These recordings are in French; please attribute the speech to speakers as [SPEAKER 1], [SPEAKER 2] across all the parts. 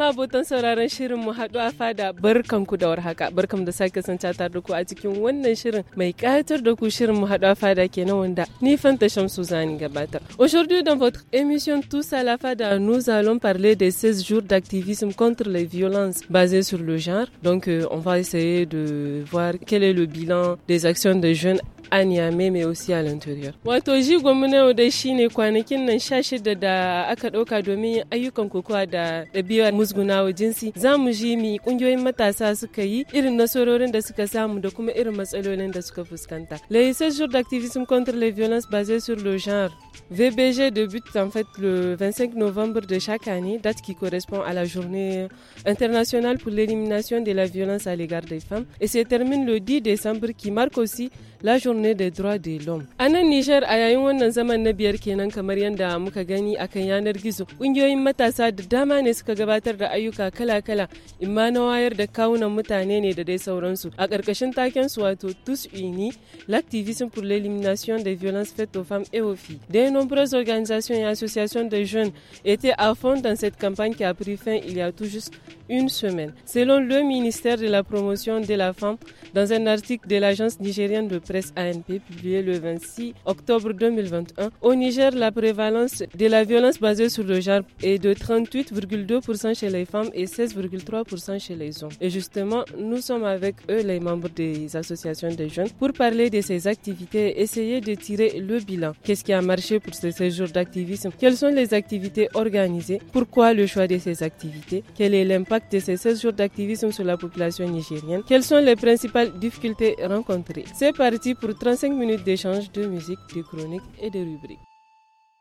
[SPEAKER 1] ma abotan sauraron shirin mu haɗu a fada barkanku da warhaka barkam da sake san ta da ku a cikin wannan shirin mai ƙayatar da ku shirin mu haɗu a fada kenan wanda ni Fanta Shamsu Zani gabatar. Aujourd'hui dans votre émission Tous à la fada nous allons parler des 16 jours d'activisme contre les violences basées sur le genre. Donc euh, on va essayer de voir quel est le bilan des actions des jeunes a Niamey mai aussi a l'intérieur. Wato ji gwamnati na yau dai shine kwanakin nan 16 da aka ɗauka domin ayyukan kokowa da ɗabi'ar les 16 jours d'activisme contre les violences basées sur le genre. VBG débute en fait le 25 novembre de chaque année, date qui correspond à la journée internationale pour l'élimination de la violence à l'égard des femmes, et se termine le 10 décembre qui marque aussi la journée des droits de l'homme. A Niger a wannan zaman na biyar kenan kamar yadda muka gani yanar gizo, matasa da dama ne suka gabatar da ayyuka kala-kala imma na wayar da kawunan mutane ne da dai sauransu a taken su tous unis l'activisme pour l'élimination des violences faites aux femmes et aux filles de nombreuses organisations et associations de jeunes étaient à fond dans cette campagne qui a pris fin il y a tout juste une semaine. Selon le ministère de la Promotion de la Femme, dans un article de l'agence nigérienne de presse ANP publié le 26 octobre 2021, au Niger, la prévalence de la violence basée sur le genre est de 38,2% chez les femmes et 16,3% chez les hommes. Et justement, nous sommes avec eux, les membres des associations des jeunes, pour parler de ces activités et essayer de tirer le bilan. Qu'est-ce qui a marché pour ce séjour d'activisme Quelles sont les activités organisées Pourquoi le choix de ces activités Quel est l'impact l'impact de ces 16 jours d'activisme sur la population nigérienne, quelles sont les principales difficultés rencontrées. C'est parti pour 35 minutes d'échange de musique, de chroniques et de rubriques.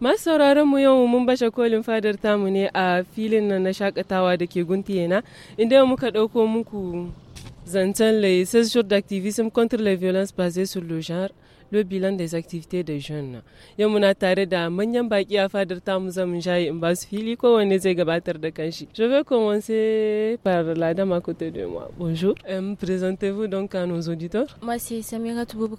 [SPEAKER 1] Ma sauraron mu yau mun bashe kolin fadar tamu ne a filin nan na shakatawa da ke guntiyena inda muka dauko muku zancen les 16 jours d'activisme contre les violences basées sur le genre le bilan des activités des jeunes. Je vais commencer par la dame à côté de moi. Bonjour. Me euh, Présentez-vous donc à nos auditeurs.
[SPEAKER 2] Moi c'est Samira Touboubou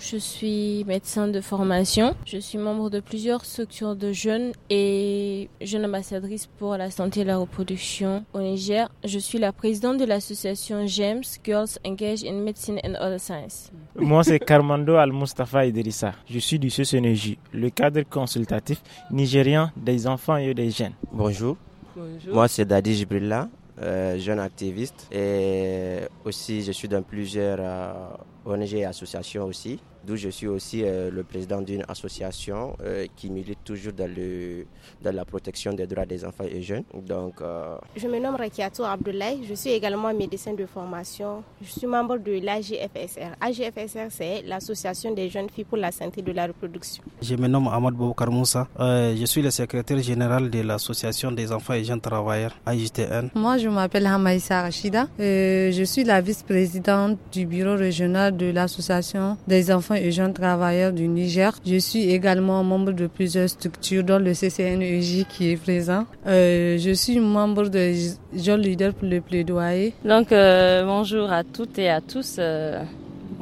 [SPEAKER 2] Je suis médecin de formation. Je suis membre de plusieurs structures de jeunes et jeune ambassadrice pour la santé et la reproduction au Niger. Je suis la présidente de l'association GEMS, Girls Engaged in Medicine and Other Sciences. Moi c'est
[SPEAKER 3] Carmando Al Mustafa Idrissa. Je suis du CCNJ, le cadre consultatif nigérien des enfants et des jeunes. Bonjour.
[SPEAKER 4] Moi, c'est Dadi Jibrilla, euh, jeune activiste. Et aussi, je suis dans plusieurs euh, ONG et associations aussi d'où je suis aussi euh, le président d'une association euh, qui milite toujours dans, le, dans la protection des droits des enfants et jeunes. Donc, euh,
[SPEAKER 5] Je me nomme Rakiato Abdoulaye, je suis également médecin de formation. Je suis membre de l'AGFSR. AGFSR, c'est l'Association des jeunes filles pour la santé de la reproduction.
[SPEAKER 6] Je me nomme Ahmad Boukar Moussa, je suis le secrétaire général de l'Association des enfants et jeunes travailleurs, AJTN.
[SPEAKER 7] Moi, je m'appelle Hamaïsa Rachida, je suis la vice-présidente du bureau régional de l'Association des enfants et jeunes travailleurs du Niger. Je suis également membre de plusieurs structures, dont le CCNEJ qui est présent. Euh, je suis membre de Jeune Leader pour le plaidoyer.
[SPEAKER 8] Donc, euh, bonjour à toutes et à tous. Euh,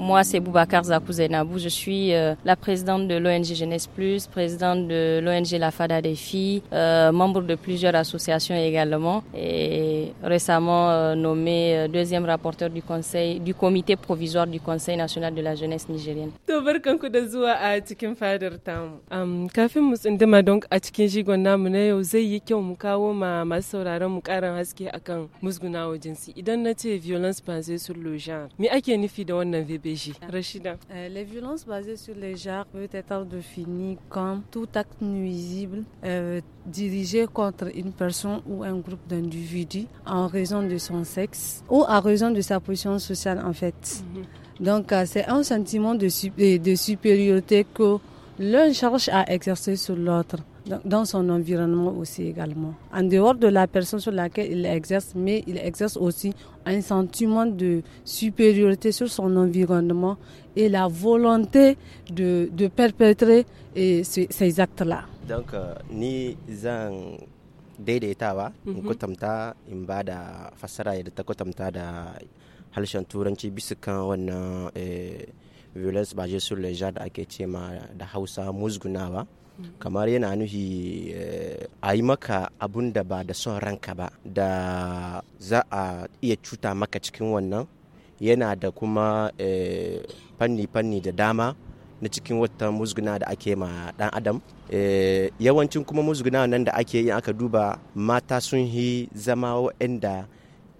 [SPEAKER 8] moi, c'est Boubacar Zakouzenabou. Je suis euh, la présidente de l'ONG Jeunesse Plus, présidente de l'ONG La Fada des filles, euh, membre de plusieurs associations également et récemment euh, nommée deuxième rapporteur du conseil du comité provisoire du Conseil national de la jeunesse nigérienne.
[SPEAKER 1] To barkanku da zuwa a cikin fadar tamu. Um, kafin mu tsindima donc a cikin shigon namu na yau zai yi de mu kawo ma masu sauraron mu karin haske akan musgunawa jinsi. Idan na ce violence basée sur le genre, ake nufi da wannan VBA? Euh,
[SPEAKER 7] les violences basées sur les genres peuvent être définies comme tout acte nuisible euh, dirigé contre une personne ou un groupe d'individus en raison de son sexe ou en raison de sa position sociale en fait. Mhm. Donc euh, c'est un sentiment de, de supériorité que l'un cherche à exercer sur l'autre dans son environnement aussi également. En dehors de la personne sur laquelle il exerce, mais il exerce aussi un sentiment de supériorité sur son environnement et la volonté de, de perpétrer et ce, ces actes-là.
[SPEAKER 4] Donc, euh, ni zang daidaitawa in mhm. kwatanta in ba da fassara yadda ta kwatanta da harshen turanci bisa kan wannan eh, violence basée sur les jade da ake ce ma da hausa musgunawa. kamar yana nuhi eh, a yi maka abun da ba da son ranka ba da za a iya cuta maka cikin wannan yana da kuma fanni-fanni eh, da dama na cikin wata musguna da ake ma dan adam eh, yawancin kuma musguna nan da ake yi aka duba mata sun yi zama waɗanda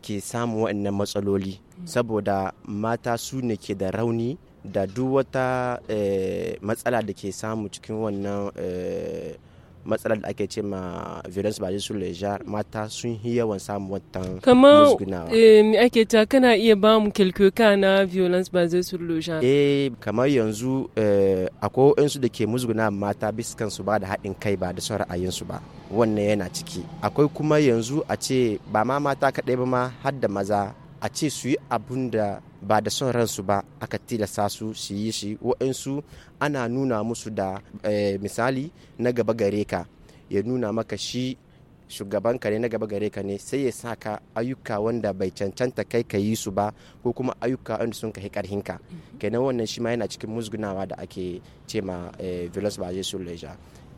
[SPEAKER 4] ke samun waɗannan matsaloli mm. saboda mata su ne ke da rauni da duk wata eh, matsala da ke samu cikin wannan eh, matsalar da ake ce ma violence ba su lejar mata sun yi yawan samun watan kamar
[SPEAKER 1] eh, me ake ta kana iya ba mu kilkoka na violence ba su lejar
[SPEAKER 4] eh kamar yanzu akwai yansu da ke musguna mata biskan su ba da haɗin kai ba da son ra'ayinsu ba wannan yana ciki akwai kuma yanzu a ce ba ma mata kaɗai ba ma har da maza a ce su yi abun da ba da son ransu ba aka tilasta su su yi shi waɗansu ana nuna musu da eh, misali na gaba gare ka ya nuna maka shi shugaban ne na gaba gare ka ne sai ya sa ka ayyuka wanda bai cancanta kai ka yi su ba ko kuma ayyuka wanda sun kai karhinka mm-hmm. kenan wannan shi ma yana cikin musgunawa da ake ce ma eh, violence ba sur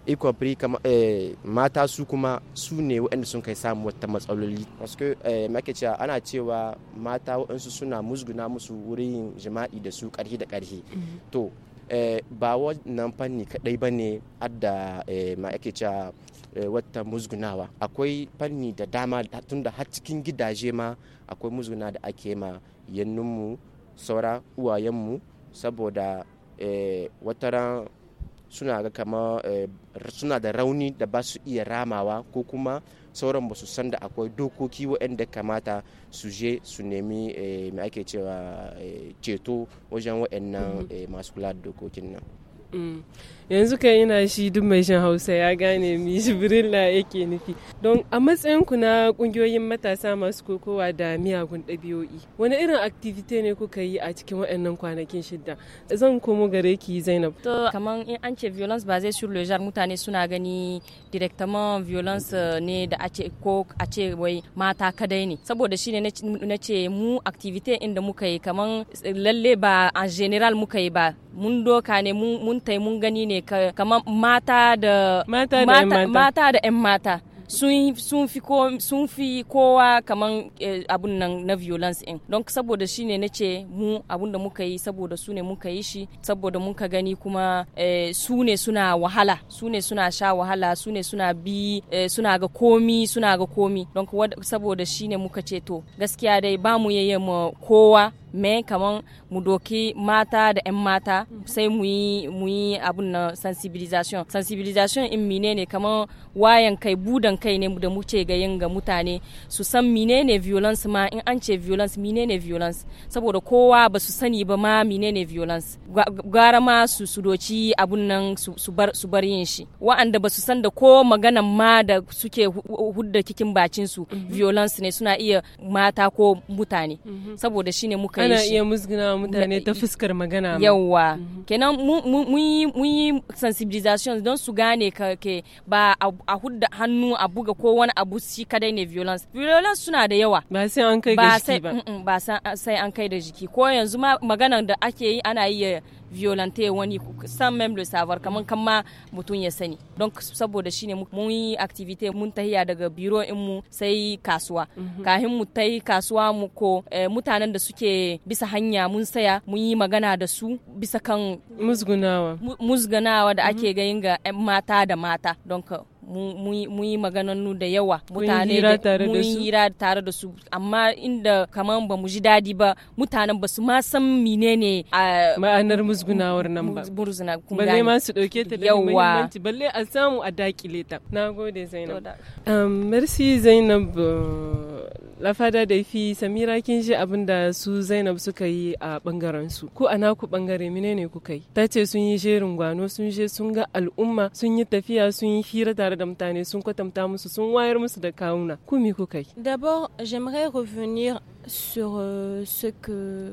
[SPEAKER 4] ikwafri eh, mata su kuma su ne waɗanda sun kai samu wata matsaloli wasu eh, cewa ana cewa mata waɗansu suna musguna musu wurin jima'i da su ƙarhi da ƙarhi mhm. to eh, ba wannan fanni kaɗai ba ne adda ma'aikaca wata musgunawa akwai fanni da dama tunda har cikin gidaje ma akwai musguna da ake ma yannunmu saura uwayenmu saboda wataran suna ga kama eh, suna da rauni da ba su iya ramawa ko kuma sauran ba su san da akwai dokoki waɗanda kamata su je su nemi eh, mai ake cewa eh, ceto wajen waɗannan mm-hmm. masu kula da dokokin nan
[SPEAKER 1] mm. yanzu kan yana shi duk mai shan hausa ya gane mi ya yake nufi don a matsayin ku na kungiyoyin matasa masu kokowa da miyagun ɗabi'o'i wani irin activity ne kuka yi
[SPEAKER 8] a cikin waɗannan kwanakin shida zan komo gare ki zainab to kaman in an ce violence ba zai sur le genre mutane suna gani directement violence eh, ne da a ce ko a ce wai mata kadai ne saboda shine na ce mu activity inda muka yi kaman eh, lalle ba en general muka yi ba mun doka ne mun tai mun gani ne ne kamar mata da mata da 'yan mata sun fi sun fi kowa kamar eh, abun nan na violence in don saboda shi ne na ce mu abun da muka yi saboda su ne muka yi shi saboda muka gani kuma eh, su ne suna wahala su ne suna sha wahala su ne suna bi eh, suna ga komi suna ga komi don saboda shi ne muka ce to gaskiya dai ba mu yayyama ma kowa me kaman mu doki mata da 'yan mata sai mu yi abun na sensibilisation sensibilisation in mine ne kaman wayan kai budan kai ne da muke ga yin ga mutane su san mine ne violence ma in an ce violence mine ne violence saboda kowa ba su sani ba ma mine ne violence gara ma su su doci abun nan su bar yin shi wa'anda ba su san da ko maganan ma da suke hudda kikin bacin su mhm. violence ne suna iya mata ko mutane mhm. saboda shine muka shi ana iya musguna mutane ta fuskar magana yawa mhm. kenan mun yi sensibilizations don su gane ka ke ba a hudda hannu a buga ko wani abu shi kadai ne violence violence suna da yawa ba sai an kai da jiki ba ba sai an kai da jiki ko yanzu ma maganar da ake yi ana yi violente wani san même le savoir kaman kan mutum ya sani don saboda shine mun yi activité mun tahiya daga biro in mu sai kasuwa mhm. kahin mu tai kasuwa mu ko eh, mutanen da suke bisa hanya mun saya mun yi magana da su bisa kan musgunawa musgunawa da mhm. ake gayin ga eh, mata da mata don mun yi magananu da yawa mutane mun hira tare da su amma inda kamar ba mu ji dadi ba mutanen ba su ma san menene a ma'anar musgunawar nan ba murzuna kun gane ma su dauke ta da
[SPEAKER 1] muhimmanci balle a samu a dakile ta nagode zainab merci zainab lafada da fi samira kin ji abin da su zainab suka yi a bangaren su ku a naku bangare menene kuka yi ta ce sun yi jerin gwano sun je sun ga al'umma sun yi tafiya sun yi hira tare da mutane sun kwatanta musu sun wayar musu da kawuna ku mi kuka
[SPEAKER 2] d'abord j'aimerais revenir sur euh, ce que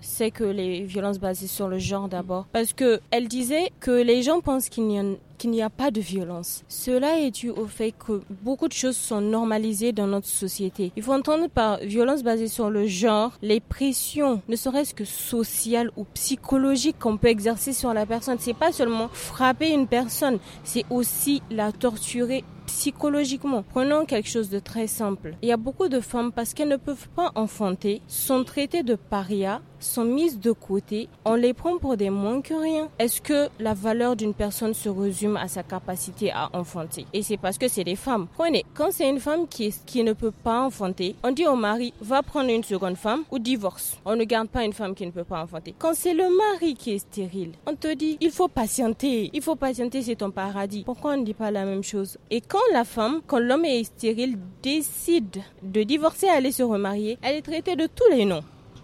[SPEAKER 2] c'est que les violences basées sur le genre d'abord. Parce que elle disait que les gens pensent qu'il n'y en, il n'y a pas de violence. Cela est dû au fait que beaucoup de choses sont normalisées dans notre société. Il faut entendre par violence basée sur le genre les pressions, ne serait-ce que sociales ou psychologiques qu'on peut exercer sur la personne. C'est pas seulement frapper une personne, c'est aussi la torturer psychologiquement. Prenons quelque chose de très simple. Il y a beaucoup de femmes, parce qu'elles ne peuvent pas enfanter, sont traitées de paria, sont mises de côté, on les prend pour des moins que rien. Est-ce que la valeur d'une personne se résume à sa capacité à enfanter. Et c'est parce que c'est des femmes. Prenez, Quand c'est une femme qui, qui ne peut pas enfanter, on dit au mari, va prendre une seconde femme ou divorce. On ne garde pas une femme qui ne peut pas enfanter. Quand c'est le mari qui est stérile, on te dit, il faut patienter. Il faut patienter, c'est ton paradis. Pourquoi on ne dit pas la même chose Et quand la femme, quand l'homme est stérile, décide de divorcer, aller se remarier, elle est traitée de tous les noms.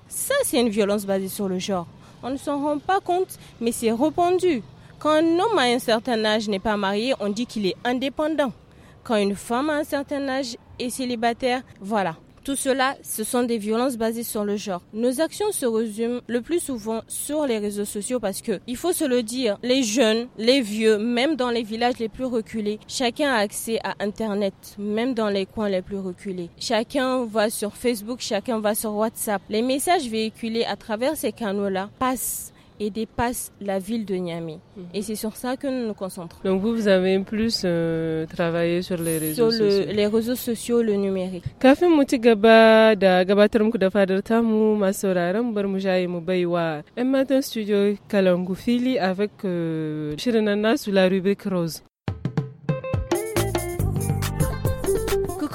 [SPEAKER 2] Ça, c'est une violence basée sur le genre. On ne s'en rend pas compte, mais c'est répandu. Quand un homme à un certain âge n'est pas marié, on dit qu'il est indépendant. Quand une femme à un certain âge est célibataire, voilà. Tout cela, ce sont des violences basées sur le genre. Nos actions se résument le plus souvent sur les réseaux sociaux parce que, il faut se le dire, les jeunes, les vieux, même dans les villages les plus reculés, chacun a accès à Internet, même dans les coins les plus reculés. Chacun va sur Facebook, chacun va sur WhatsApp. Les messages véhiculés à travers ces canaux-là passent et dépasse la ville de Niamey. Mhm. Et c'est sur ça que nous nous concentrons.
[SPEAKER 1] Donc vous, vous avez plus euh, travaillé sur les réseaux sur le, sociaux. les
[SPEAKER 2] réseaux sociaux, le numérique.
[SPEAKER 1] Kafin Mouti gaba da gabatar muku da fadar tamu masu bar mu shaye studio Kalangu Fili avec euh, sur la rubrique Rose.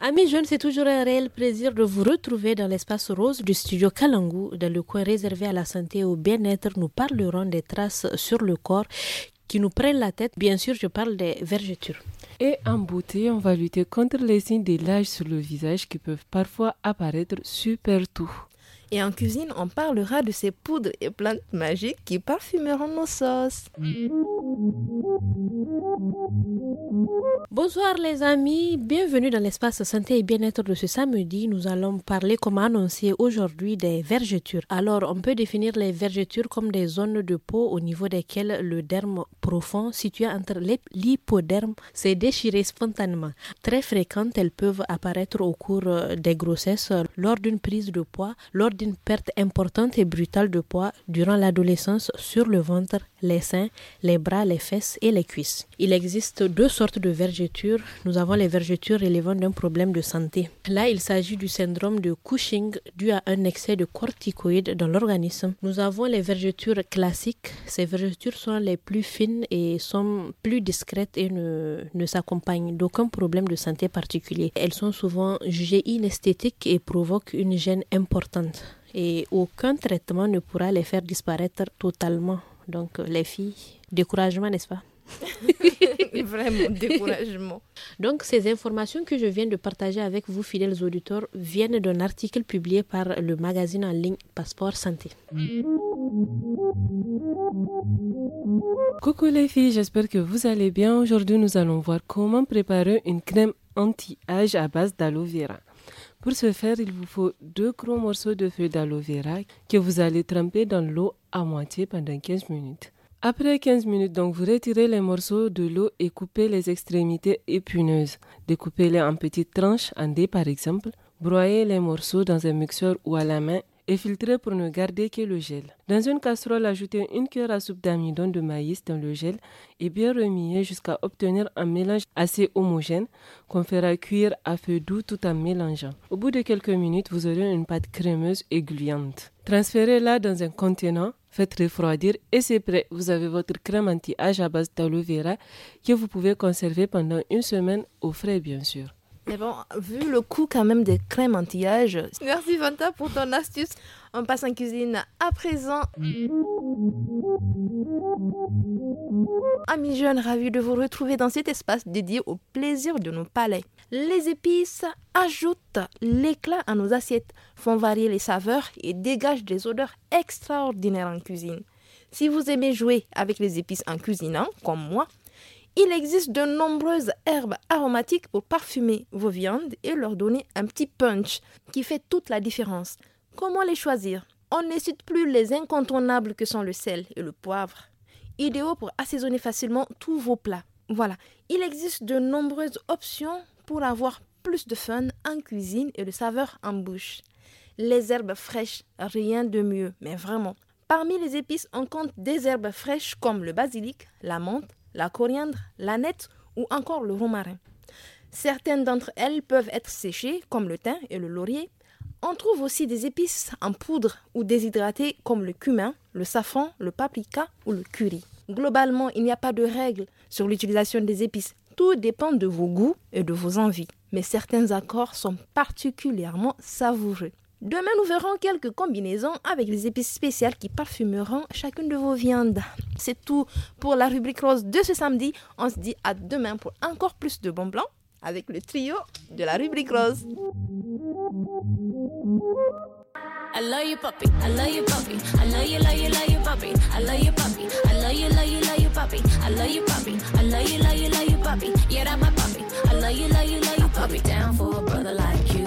[SPEAKER 9] Amis jeunes, c'est toujours un réel plaisir de vous retrouver dans l'espace rose du studio Kalangu, dans le coin réservé à la santé et au bien-être. Nous parlerons des traces sur le corps qui nous prennent la tête. Bien sûr, je parle des vergetures. Et en beauté,
[SPEAKER 1] on va lutter contre les signes de l'âge sur le visage qui peuvent parfois apparaître super
[SPEAKER 10] tôt. Et en cuisine, on parlera de ces poudres et plantes magiques qui parfumeront nos sauces.
[SPEAKER 9] Bonsoir les amis, bienvenue dans l'espace santé et bien-être de ce samedi. Nous allons parler, comme annoncé aujourd'hui, des vergetures. Alors, on peut définir les vergetures comme des zones de peau au niveau desquelles le derme profond situé entre l'hypoderme s'est déchiré spontanément. Très fréquentes, elles peuvent apparaître au cours euh, des grossesses, lors d'une prise de poids, lors d'une une perte importante et brutale de poids durant l'adolescence sur le ventre les seins, les bras, les fesses et les cuisses. Il existe deux sortes de vergetures. Nous avons les vergetures relevant d'un problème de santé. Là, il s'agit du syndrome de Cushing dû à un excès de corticoïdes dans l'organisme. Nous avons les vergetures classiques. Ces vergetures sont les plus fines et sont plus discrètes et ne, ne s'accompagnent d'aucun problème de santé particulier. Elles sont souvent jugées inesthétiques et provoquent une gêne importante. Et aucun traitement ne pourra les faire disparaître totalement. Donc, euh, les filles, découragement, n'est-ce pas Vraiment, découragement. Donc, ces informations que je viens de partager avec vous, fidèles auditeurs, viennent d'un article publié par le magazine en ligne Passeport Santé.
[SPEAKER 1] Coucou les filles, j'espère que vous allez bien. Aujourd'hui, nous allons voir comment préparer une crème anti-âge à base d'aloe vera. Pour ce faire, il vous faut deux gros morceaux de feuilles d'aloe vera que vous allez tremper dans l'eau à moitié pendant 15 minutes. Après 15 minutes, donc, vous retirez les morceaux de l'eau et coupez les extrémités épineuses. Découpez-les en petites tranches, en dés par exemple. Broyez les morceaux dans un mixeur ou à la main et filtrer pour ne garder que le gel. Dans une casserole, ajoutez une cuillère à soupe d'amidon de maïs dans le gel et bien remuer jusqu'à obtenir un mélange assez homogène qu'on fera cuire à feu doux tout en mélangeant. Au bout de quelques minutes, vous aurez une pâte crémeuse et gluante. Transférez-la dans un contenant, faites refroidir et c'est prêt. Vous avez votre crème anti-âge à base d'aloe vera que vous pouvez conserver pendant une semaine au
[SPEAKER 10] frais, bien sûr. Mais bon, vu le coût quand même des crèmes anti-âge. Merci Vanta pour ton astuce. On passe en cuisine à présent. Amis jeunes, ravi de vous retrouver dans cet espace dédié au plaisir de nos palais. Les épices ajoutent l'éclat à nos assiettes, font varier les saveurs et dégagent des odeurs extraordinaires en cuisine. Si vous aimez jouer avec les épices en cuisinant, comme moi, il existe de nombreuses herbes aromatiques pour parfumer vos viandes et leur donner un petit punch qui fait toute la différence. Comment les choisir On ne plus les incontournables que sont le sel et le poivre, idéaux pour assaisonner facilement tous vos plats. Voilà, il existe de nombreuses options pour avoir plus de fun en cuisine et de saveur en bouche. Les herbes fraîches, rien de mieux, mais vraiment. Parmi les épices, on compte des herbes fraîches comme le basilic, la menthe, la coriandre, l'aneth ou encore le romarin. Certaines d'entre elles peuvent être séchées, comme le thym et le laurier. On trouve aussi des épices en poudre ou déshydratées, comme le cumin, le safran, le paprika ou le curry. Globalement, il n'y a pas de règle sur l'utilisation des épices. Tout dépend de vos goûts et de vos envies. Mais certains accords sont particulièrement savoureux. Demain, nous verrons quelques combinaisons avec les épices spéciales qui parfumeront chacune de vos viandes. C'est tout pour la rubrique rose de ce samedi. On se dit à demain pour encore plus de bons plans avec le trio de la rubrique rose.
[SPEAKER 8] I love you, puppy. I love you, puppy. I love you, love you, love you, puppy. I love you, puppy. I love you, love you, love you, puppy. I love you, puppy. I love you, love you, love you, puppy. Yeah, that my puppy. I love you, love you, love you, puppy. Down for a brother like you.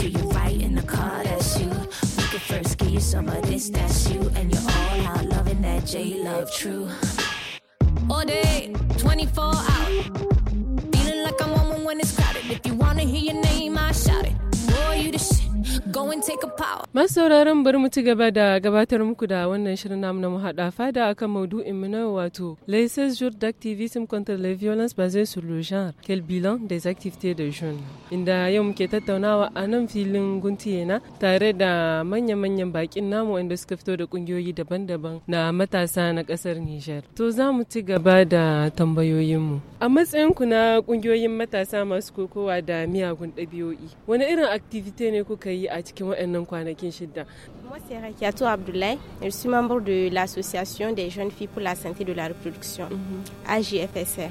[SPEAKER 8] to your right in the car, that's you.
[SPEAKER 10] We could first give you some of this, that's you. And you're all out loving that J Love True.
[SPEAKER 9] All day, 24 hours. Feeling like I'm on when it's crowded. If you wanna hear your name, I shout it. Boy, you the shit.
[SPEAKER 1] Masauraran bari mu ci gaba da gabatar muku da wannan shirin namu na mu hada fada akan maudu'in mu na wato Laissez jour d'activisme contre les violences basées sur le genre, quel bilan des activités de jeunes. Inda yau muke tattaunawa a nan filin Guntiyena tare da manya-manyan bakin namu inda suka fito da kungiyoyi daban-daban na matasa na kasar niger To za mu ci gaba da tambayoyinmu. A matsayin ku na kungiyoyin matasa masu kokowa da miyagun ɗabi'o'i, wani irin activity ne kuka Moi c'est Rakiato Abdoulaye, je suis membre de l'association des jeunes filles pour
[SPEAKER 5] la santé de la reproduction, mhm. AJFSR.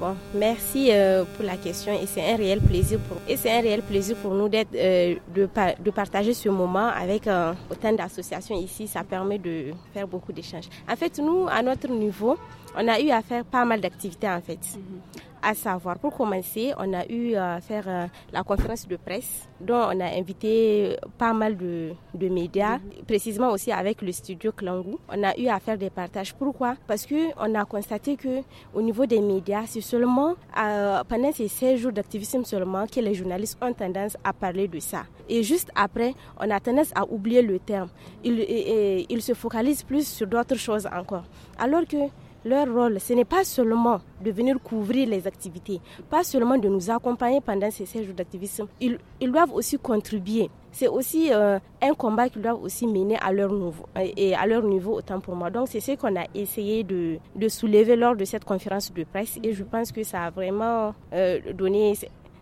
[SPEAKER 5] Bon, merci euh, pour la question et c'est un réel plaisir pour et c'est un réel plaisir pour nous d'être euh, de, de, partager ce moment avec euh, autant d'associations ici. Ça permet de faire beaucoup d'échanges. En fait, nous à notre niveau, on a eu à faire pas mal d'activités en fait. Mhm à savoir, pour commencer, on a eu à euh, faire euh, la conférence de presse dont on a invité euh, pas mal de, médias, mhm. précisément aussi avec le studio Klangou. On a eu à faire des partages. Pourquoi Parce qu'on a constaté que au niveau des médias, c'est seulement pendant ces 16 jours d'activisme seulement que les journalistes ont tendance à parler de ça. Et juste après, on a tendance à oublier le terme. ils se focalisent plus sur d'autres choses encore. Alors que leur rôle, ce n'est pas seulement de venir couvrir les activités, pas seulement de nous accompagner pendant ces séjours jours d'activisme. Ils, doivent aussi contribuer. C'est aussi euh, un combat qu'ils doivent aussi mener à leur niveau et à leur niveau autant pour moi. Donc c'est ce qu'on a essayé de, soulever lors de cette conférence de presse et je pense que ça a vraiment euh, donné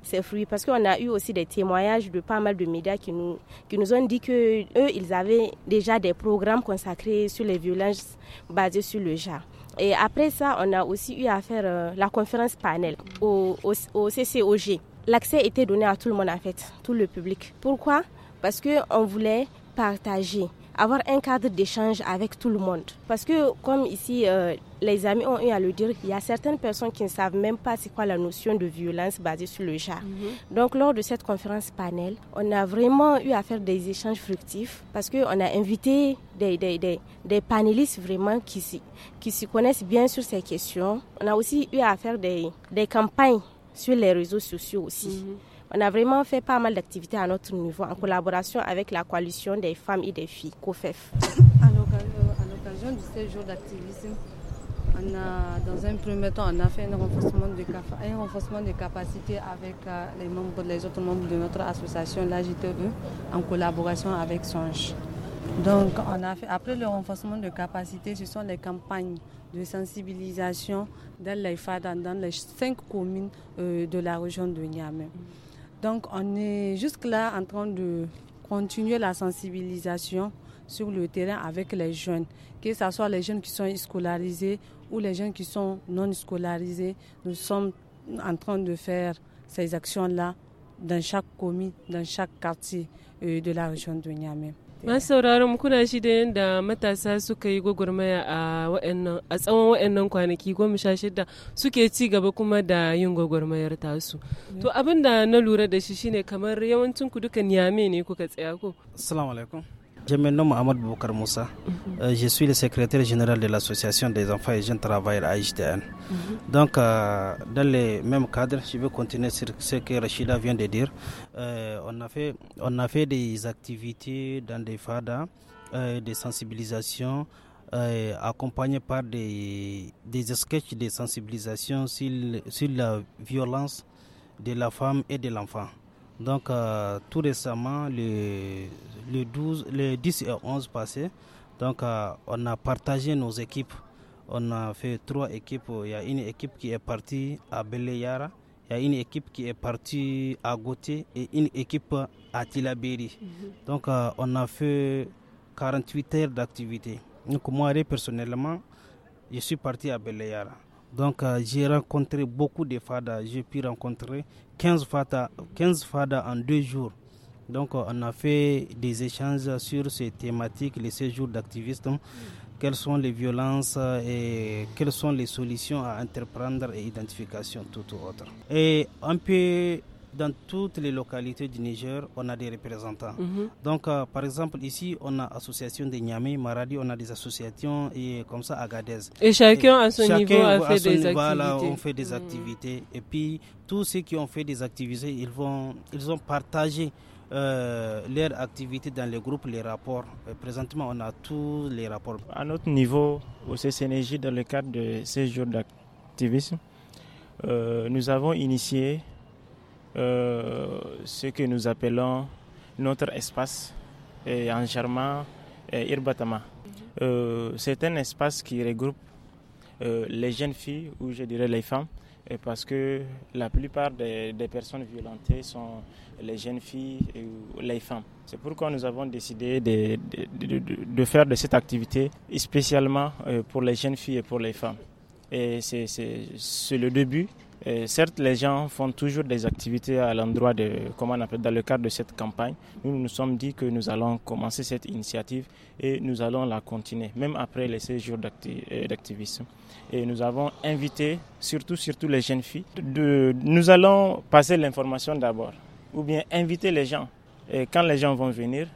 [SPEAKER 5] ses fruits parce qu'on a eu aussi des témoignages de pas mal de médias qui nous, nous ont dit que eux ils avaient déjà des programmes consacrés sur les violences basées sur le genre. Et après ça, on a aussi eu à faire euh, la conférence panel au, CCOG. L'accès était donné à tout le monde en fait, tout le public. Pourquoi Parce qu'on voulait partager, avoir un cadre d'échange avec tout le monde. Parce que comme ici, euh, les amis ont eu à le dire, il y a certaines personnes qui ne savent même pas c'est quoi la notion de violence basée sur le genre. Mhm. Donc lors de cette conférence panel, on a vraiment eu à faire des échanges fructifs parce qu'on a invité des, des, panélistes vraiment qui s'y connaissent bien sur ces questions. On a aussi eu à faire des, campagnes sur les réseaux sociaux aussi. Mhm. On a vraiment fait pas mal d'activités à notre niveau en collaboration avec la coalition des femmes et des filles, COFEF.
[SPEAKER 7] À l'occasion du séjour d'activisme, a, dans un premier temps, on a fait un renforcement de, un capacité avec euh, les, membres, les autres membres de notre association, JTE en collaboration avec SONGE. Donc, on a fait, après le renforcement de capacité, ce sont les campagnes de sensibilisation dans les dans les cinq communes euh, de la région de Niamey. Donc, on est jusque-là en train de continuer la sensibilisation sur le terrain avec les jeunes, que ce soit les jeunes qui sont scolarisés ou les gens qui sont non scolarisés. Nous sommes en train de faire ces actions-là dans chaque commune, dans chaque quartier euh, de la région de Niamey.
[SPEAKER 1] Ma sauraron kuna shi da yadda matasa suka yi gwagwarmaya a tsawon wa'annan kwanaki goma sha shida suke ci gaba kuma da yin gwagwarmayar tasu to abin da na lura da shi shine kamar yawancin ku duka niyame ne kuka tsaya ko
[SPEAKER 6] assalamu alaikum je me nomme Ahmad Boukar Moussa. Mhm. Euh, je suis le secrétaire général de l'association des enfants et jeunes travailleurs à HDN. Mhm. Donc, euh, dans le même cadre, je vais continuer sur ce que Rachida vient de dire. Euh, on, a fait, on a fait des activités dans des FADA, des sensibilisations, accompagnées par des, des sketchs de sensibilisation sur, sur la violence de la femme et de l'enfant. Donc, euh, tout récemment, le 12, 10 et 11 passés, donc, euh, on a partagé nos équipes. On a fait trois équipes. Il y a une équipe qui est partie à Beleyara, il y a une équipe qui est partie à Gauthier et une équipe à Tilaberi. Mhm. Donc, euh, on a fait 48 heures d'activité. Donc, moi, personnellement, je suis parti à Beleyara. Donc, j'ai rencontré beaucoup de fadas. J'ai pu rencontrer 15 FADA, FADA en deux jours. Donc, euh, on a fait des échanges sur ces thématiques, les séjours d'activistes, quelles sont les violences euh, et quelles sont les solutions à entreprendre et identification tout autre. Et on peut dans toutes les localités du Niger, on a des représentants. Mhm. Donc, euh, par exemple, ici, on a l'association de Niamey, Maradi, on a des associations et comme ça, Agadez. Et chacun à son niveau a fait des activités. on fait des mhm. activités. Et puis, tous ceux qui ont fait des activités, ils, vont, ils ont partagé euh, leur activité dans les groupes, les rapports. Et présentement, on a tous les
[SPEAKER 3] rapports. À notre niveau, au CCNJ, dans le cadre de ces jours d'activisme, euh, nous avons initié euh, ce que nous appelons notre espace eh, en germain eh, Irbatama. Mhm. Euh, c'est un espace qui regroupe euh, les jeunes filles ou je dirais les femmes et eh, parce que la plupart des, personnes violentées sont les jeunes filles ou les femmes. C'est pourquoi nous avons décidé de, de, faire de cette activité spécialement pour les jeunes filles et pour les femmes. Et c'est le début certes, les gens font toujours des activités à l'endroit de, comment on appelle, dans le cadre de cette campagne. Nous nous sommes dit que nous allons commencer cette initiative et nous allons la continuer, même après les séjours jours euh, d'activisme. Et nous avons invité, surtout, surtout les jeunes filles, nous allons passer l'information d'abord, ou bien inviter les gens. Et quand les gens vont venir,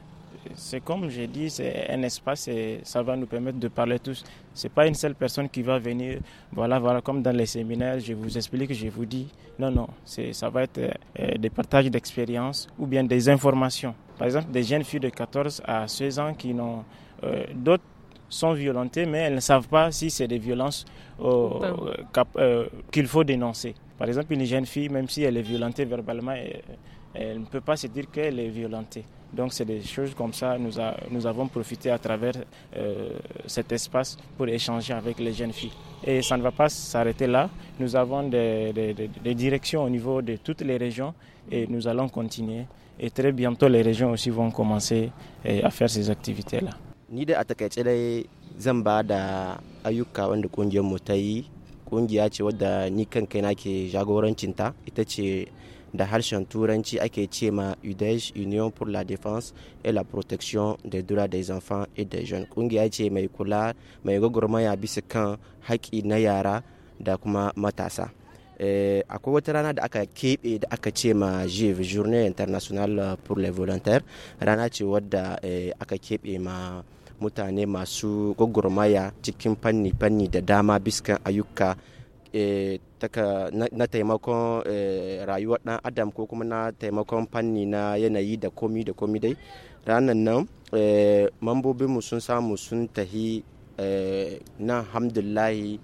[SPEAKER 3] c'est comme j'ai dit, c'est un espace et ça va nous permettre de parler tous. C'est pas une seule personne qui va venir, voilà, voilà, comme dans les séminaires, je vous explique, je vous dis. Non, non, ça va être euh, des partages d'expériences ou bien des informations. Par exemple, des jeunes filles de 14 à 16 ans qui n'ont. Euh, d'autres sont violentées, mais elles ne savent pas si c'est des violences euh, qu'il faut dénoncer. Par exemple, une jeune fille, même si elle est violentée verbalement, elle, elle ne peut pas se dire qu'elle est violentée. Donc c'est des choses comme ça, nous, avons profité à travers euh, cet espace pour échanger avec les jeunes filles. Et ça ne va pas s'arrêter là. Nous avons des, directions au niveau de toutes les régions et nous allons continuer. Et très bientôt, les régions aussi vont commencer euh, à faire ces activités-là.
[SPEAKER 4] da harshen turanci ake ce ma udej union pour la défense et la protection des droits des enfants et des jeunes kungiya ce mai kula mai gwagwarmaya bisa kan haƙi na yara da kuma matasa eh, akwai wata rana da aka keɓe da aka ce ma jiv journée internationale pour les volontaires rana ce wadda eh, aka keɓe ma mutane masu gwagwarmaya cikin fanni-fanni da dama biskan ayyuka Eh, na taimakon eh, rayuwar dan adam ko kuma na taimakon fanni na yanayi da komi da komi dai ranar nan eh, mambobinmu sun samu sun tahi na hamdullahi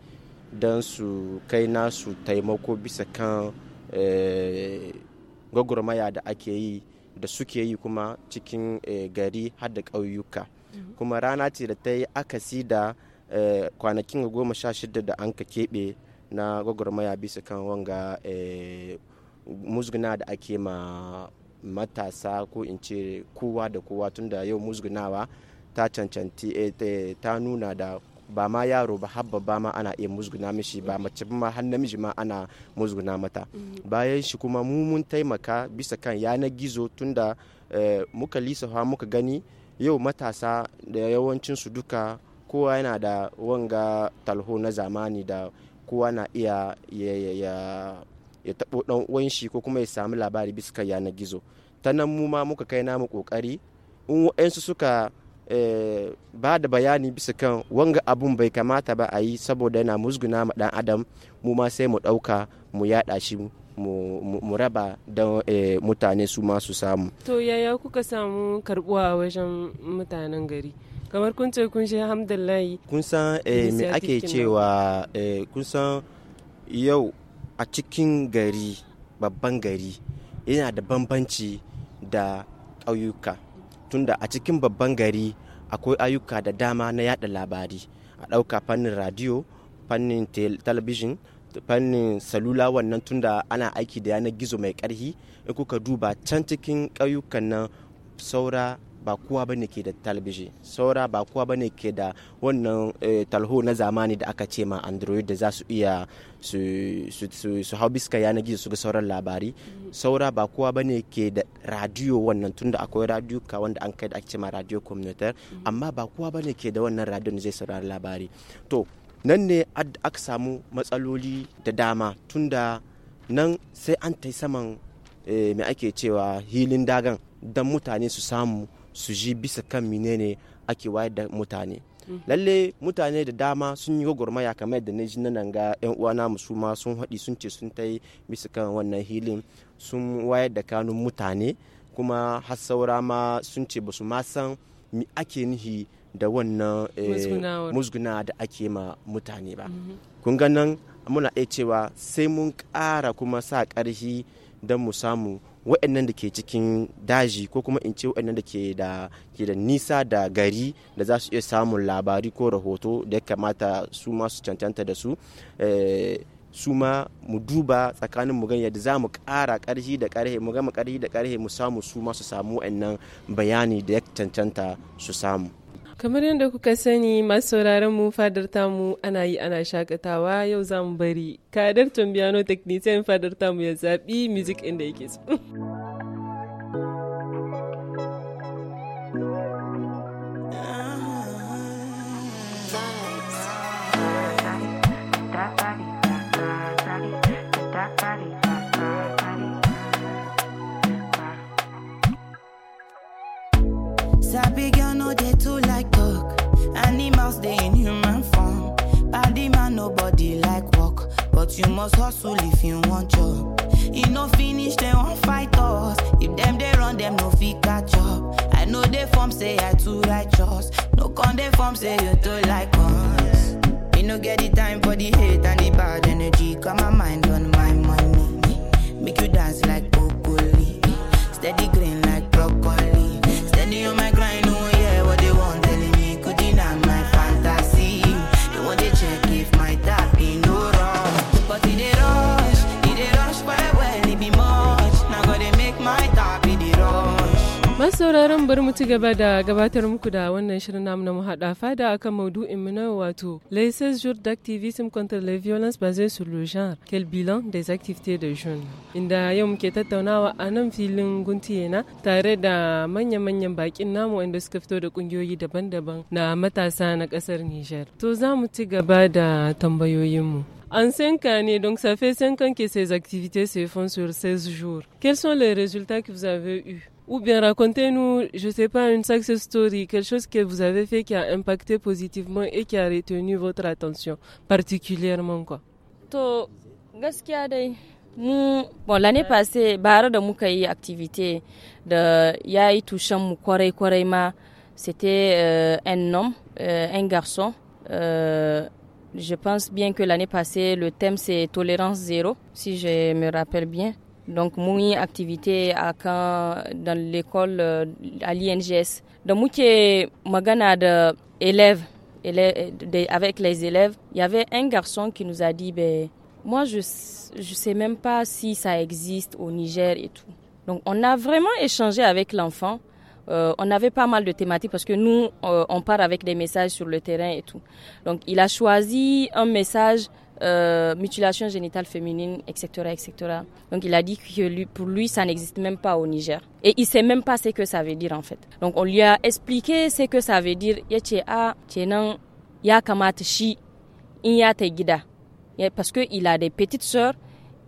[SPEAKER 4] don su kai nasu taimako bisa kan gwagwarmaya da ake yi da suke yi kuma cikin gari har da ƙauyuka mhm. kuma rana ce da ta yi akasi da kwanakin goma sha shida da an ka keɓe na gwagwarmaya bisa kan wanga eh, musguna da ake ma matasa ko in ce kowa da kowa tun da yau musgunawa ta cancanti eh, ta nuna da ba ma yaro ba habba ba ma ana iya musguna mishi ba mace ma har namiji ma ana musguna mata mm-hmm. bayan shi kuma mu mun taimaka bisa kan yanar gizo tunda eh, muka lisafa muka gani yau matasa da yawancinsu duka kowa yana da wanga talho na zamani da kowa na iya ya taɓo ɗan uwan shi ko kuma ya samu labari bisa kan yanar gizo ta nan mu ma muka kai namu ƙoƙari in wa'ansu suka eh, ba da bayani bisa kan wanga abun bai kamata ba a yi saboda yana musguna ma ɗan adam mu ma sai mu ɗauka mu yaɗa shi mu raba don eh, mutane su ma su samu
[SPEAKER 1] to yaya kuka samu karɓuwa wajen mutanen gari kamar kun ce kun shi alhamdulillah kun san eh, me ake
[SPEAKER 4] cewa eh, kun san yau a cikin gari babban gari yana da bambanci da ƙauyuka tunda a cikin babban gari akwai ayyuka da dama na yada labari a ɗauka fannin radio fannin talabijin fannin salula wannan tunda ana aiki da yanar gizo mai ƙarfi in kuka duba can cikin ƙauyukan nan saura ba kowa ba ne ke da talabijin saura ba kowa ba ne ke da wannan eh, talho na zamani da aka ce ma android da za su iya su hau biska yanar gizo su ga sauran labari saura ba kowa ba ne ke da radio wannan tunda akwai radio ka wanda an kai da ake ce ma radio communautaire amma ba kowa ba ne ke da wannan radio radiyon zai saurari labari to nan ne aka samu matsaloli da dama tunda nan sai an ta saman eh, mai ake cewa hilin dagan don mutane su samu su ji bisa kan menene ake wayar da mutane mm. lalle mutane da dama sun yi gwagwarmaya kamar da na ji na nan ga yan uwana musu ma sun haɗi sun ce sun ta yi bisa kan wannan hilin sun wayar da kanun mutane kuma har saura ma sun ce ba su ma san mi ake nihi da wannan eh, musguna da ake ma mutane ba mm-hmm. kun nan muna iya cewa sai mun ƙara kuma sa ƙarfi don mu samu waɗannan da ke cikin daji ko kuma in ce waɗannan da ke da ke da nisa da gari da za su iya samun labari ko rahoto da ya kamata su ma su cancanta da su eh, su ma mu duba tsakanin mu da za mu ƙara ƙarhi da ƙarhe mu gama ƙarhi da ƙarhe mu samu su ma su samu waɗannan bayani da ya cancanta su samu
[SPEAKER 1] Kamar yadda kuka sani masu sauraron mu fadar tamu ana yi ana shakatawa yau zamu bari kadar Tumbiano Technician fadar tamu ya zaɓi music inda yake so.
[SPEAKER 2] just in inhuman form. Body man, nobody like walk, but you must hustle if you want job. You no finish, they won't fight us. If them they run, them no fit catch up. I know they form say I too righteous. No con they form say you too like us.
[SPEAKER 1] sauraron bari mu ci gaba da gabatar muku da wannan shirin namu na mu hada fada akan maudu'in mu na wato Les jour jours d'activisme contre les violences basées sur le genre quel bilan des activités de jeunes inda yau muke tattaunawa a nan filin guntiyena tare da manya-manyan bakin namu inda suka fito da kungiyoyi daban-daban na matasa na kasar Niger to za mu ci gaba da tambayoyin mu En cinq années, donc ça fait cinq ans que ces activités se font sur 16 jours. Quels sont les résultats que vous avez eus Ou bien racontez-nous, je sais pas, une success story, quelque chose que vous avez fait qui a impacté positivement et qui a retenu votre attention,
[SPEAKER 8] particulièrement quoi. l'année passée, bara de muka activité de yai Toucham tushen mu c'était euh, un homme, euh, un garçon, euh, je pense bien que l'année passée, le thème c'est tolérance zéro, si je me rappelle bien donc mon activité à quand dans l'école euh, à l'INGS Donc moi magana de élèves, avec les élèves il y avait un garçon qui nous a dit ben moi je je sais même pas si ça existe au Niger et tout donc on a vraiment échangé avec l'enfant euh, on avait pas mal de thématiques parce que nous euh, on part avec des messages sur le terrain et tout donc il a choisi un message euh, mutilation génitale féminine, etc., etc. Donc il a dit que pour lui, ça n'existe même pas au Niger. Et il sait même pas ce que ça veut dire en fait. Donc on lui a expliqué ce que ça veut dire. Parce qu'il a des petites sœurs,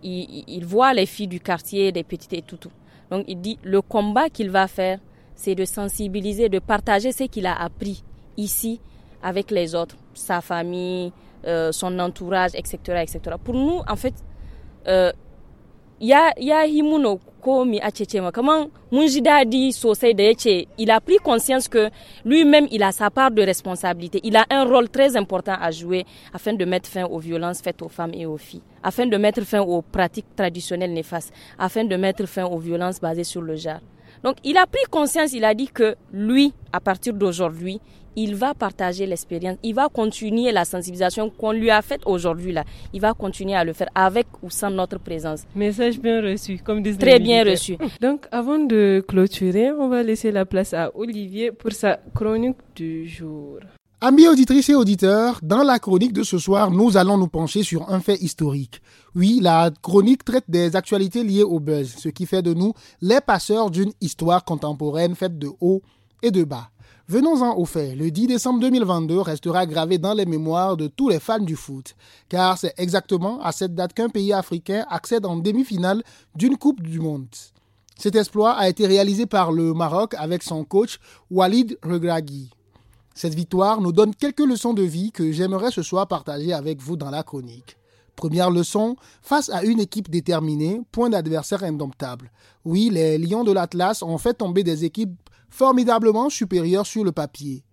[SPEAKER 8] il, il, voit les filles du quartier, des petites et tout. tout. Donc il dit, le combat qu'il va faire, c'est de sensibiliser, de partager ce qu'il a appris ici avec les autres, sa famille, euh, son entourage, etc., etc. Pour nous, en fait, euh, y y a il a pris conscience que lui-même il a sa part de responsabilité il a un rôle très important à jouer afin de mettre fin aux violences faites aux femmes et aux filles afin de mettre fin aux pratiques traditionnelles néfastes afin de mettre fin aux violences basées sur le genre donc il a pris conscience il a dit que lui à partir d'aujourd'hui il va partager l'expérience, il va continuer la sensibilisation qu'on lui a faite aujourd'hui là. Il va continuer à le faire avec ou sans notre présence. Message bien reçu, comme Très bien reçu.
[SPEAKER 1] Donc avant de clôturer, on va laisser la place à Olivier pour sa
[SPEAKER 11] chronique du jour. Amis auditrices et auditeurs, dans la chronique de ce soir, nous allons nous pencher sur un fait historique. Oui, la chronique traite des actualités liées au buzz, ce qui fait de nous les passeurs d'une histoire contemporaine faite de haut et de bas. Venons-en au fait, le 10 décembre 2022 restera gravé dans les mémoires de tous les fans du foot, car c'est exactement à cette date qu'un pays africain accède en demi-finale d'une Coupe du Monde. Cet exploit a été réalisé par le Maroc avec son coach Walid Regragui. Cette victoire nous donne quelques leçons de vie que j'aimerais ce soir partager avec vous dans la chronique. Première leçon, face à une équipe déterminée, point d'adversaire indomptable. Oui, les Lions de l'Atlas ont fait tomber des équipes formidablement supérieurs sur le papier.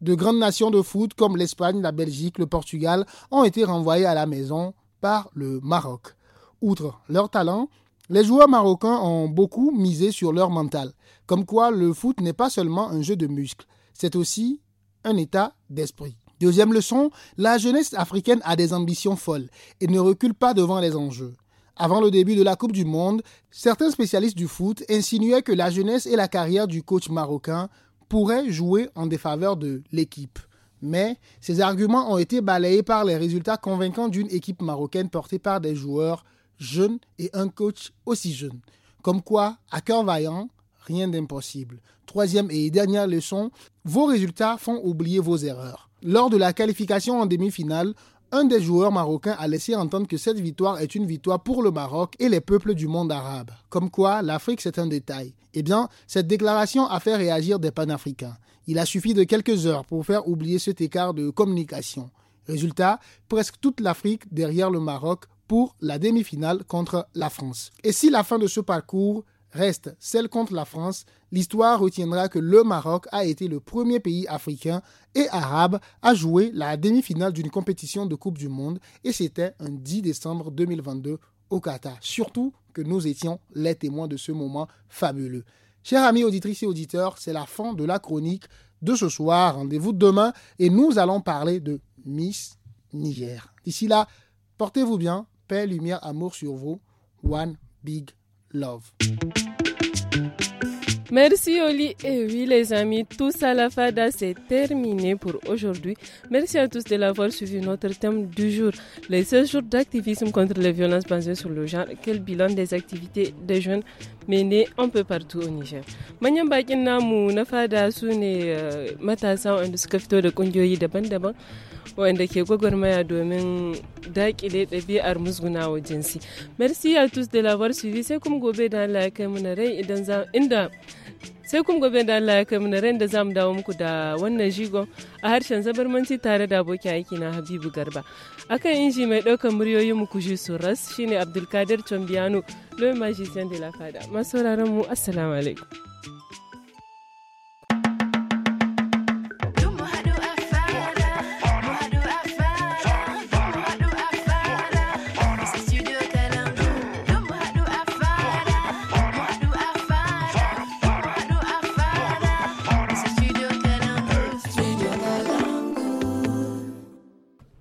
[SPEAKER 11] De grandes nations de foot comme l'Espagne, la Belgique, le Portugal ont été renvoyées à la maison par le Maroc. Outre leur talent, les joueurs marocains ont beaucoup misé sur leur mental, comme quoi le foot n'est pas seulement un jeu de muscles, c'est aussi un état d'esprit. Deuxième leçon, la jeunesse africaine a des ambitions folles et ne recule pas devant les enjeux. Avant le début de la Coupe du Monde, certains spécialistes du foot insinuaient que la jeunesse et la carrière du coach marocain pourraient jouer en défaveur de l'équipe. Mais ces arguments ont été balayés par les résultats convaincants d'une équipe marocaine portée par des joueurs jeunes et un coach aussi jeune. Comme quoi, à cœur vaillant, rien d'impossible. Troisième et dernière leçon, vos résultats font oublier vos erreurs. Lors de la qualification en demi-finale, un des joueurs marocains a laissé entendre que cette victoire est une victoire pour le Maroc et les peuples du monde arabe. Comme quoi, l'Afrique, c'est un détail. Eh bien, cette déclaration a fait réagir des panafricains. Il a suffi de quelques heures pour faire oublier cet écart de communication. Résultat, presque toute l'Afrique derrière le Maroc pour la demi-finale contre la France. Et si la fin de ce parcours reste celle contre la France, l'histoire retiendra que le Maroc a été le premier pays africain et arabe à jouer la demi-finale d'une compétition de Coupe du Monde et c'était un 10 décembre 2022 au Qatar. Surtout que nous étions les témoins de ce moment fabuleux. Chers amis auditrices et auditeurs, c'est la fin de la chronique de ce soir. Rendez-vous demain et nous allons parler de Miss Niger. D'ici là, portez-vous bien, paix, lumière, amour sur vous. One big Love.
[SPEAKER 1] Merci Oli. Et oui les amis, tout ça la fada c'est terminé pour aujourd'hui. Merci à tous de l'avoir suivi notre thème du jour. Les 16 jours d'activisme contre les violences basées sur le genre. Quel bilan des activités des jeunes mene an fi fartu o Manyan bakin namu na fada su ne eh, matasa wanda suka fito da kungiyoyi daban-daban wanda ke gwagwarmaya domin dakile ɗabi'ar musgunawa jinsi. Merci à tous de l'avoir suivi sai kuma gobe da Allah ya kai mu na rai idan inda sai kuma gobe da Allah ya kai mu ran da zamu dawo muku da wannan jigon a harshen zabarmanci tare da abokin aiki na Habibu Garba akan inji mai ɗaukar muryoyin mu ku ji su ras shine Abdulkadir Chambiano loyi magician de la fada masauraran mu assalamu alaikum